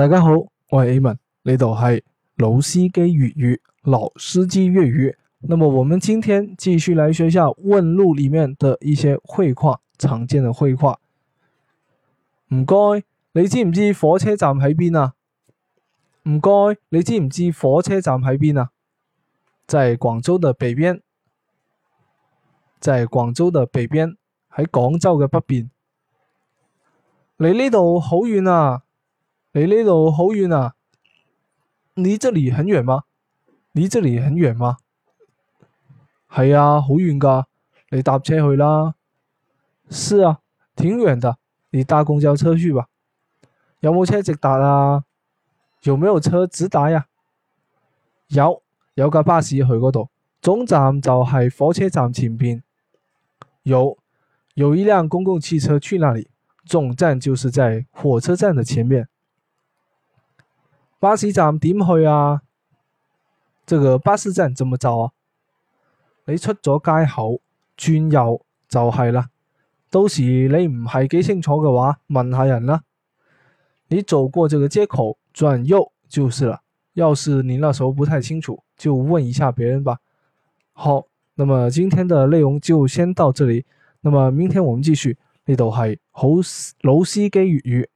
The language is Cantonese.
大家好，我係 Aman。呢度係老司機粵語，老司機粵語。那麼我們今天繼續來學一下問路裏面的一些會話，常見的會話。唔該，你知唔知火車站喺邊啊？唔該，你知唔知火車站喺邊啊？在廣州的北邊，在廣州的北邊，喺廣州嘅北邊，離呢度好遠啊！你呢度好遠啊？你這裏很遠嗎？你這裏很遠嗎？係啊，好遠噶。你搭車去啦。是啊，挺遠的。你搭公交車去吧。有冇車直達啊？有沒有車直達呀、啊？有，有架巴士去嗰度。總站就係火車站前邊。有，有一輛公共汽車去那裏。總站就是在火車站的前面。巴士站點去啊？這個巴士站怎麼走啊？你出咗街口，轉右就係啦。到時你唔係幾清楚嘅話，問下人啦。你走過呢個街口，轉右就是啦。要是你那時候不太清楚，就問一下別人吧。好，那麼今天嘅內容就先到這裏。那麼明天我們繼續。呢度係好老司機粵語。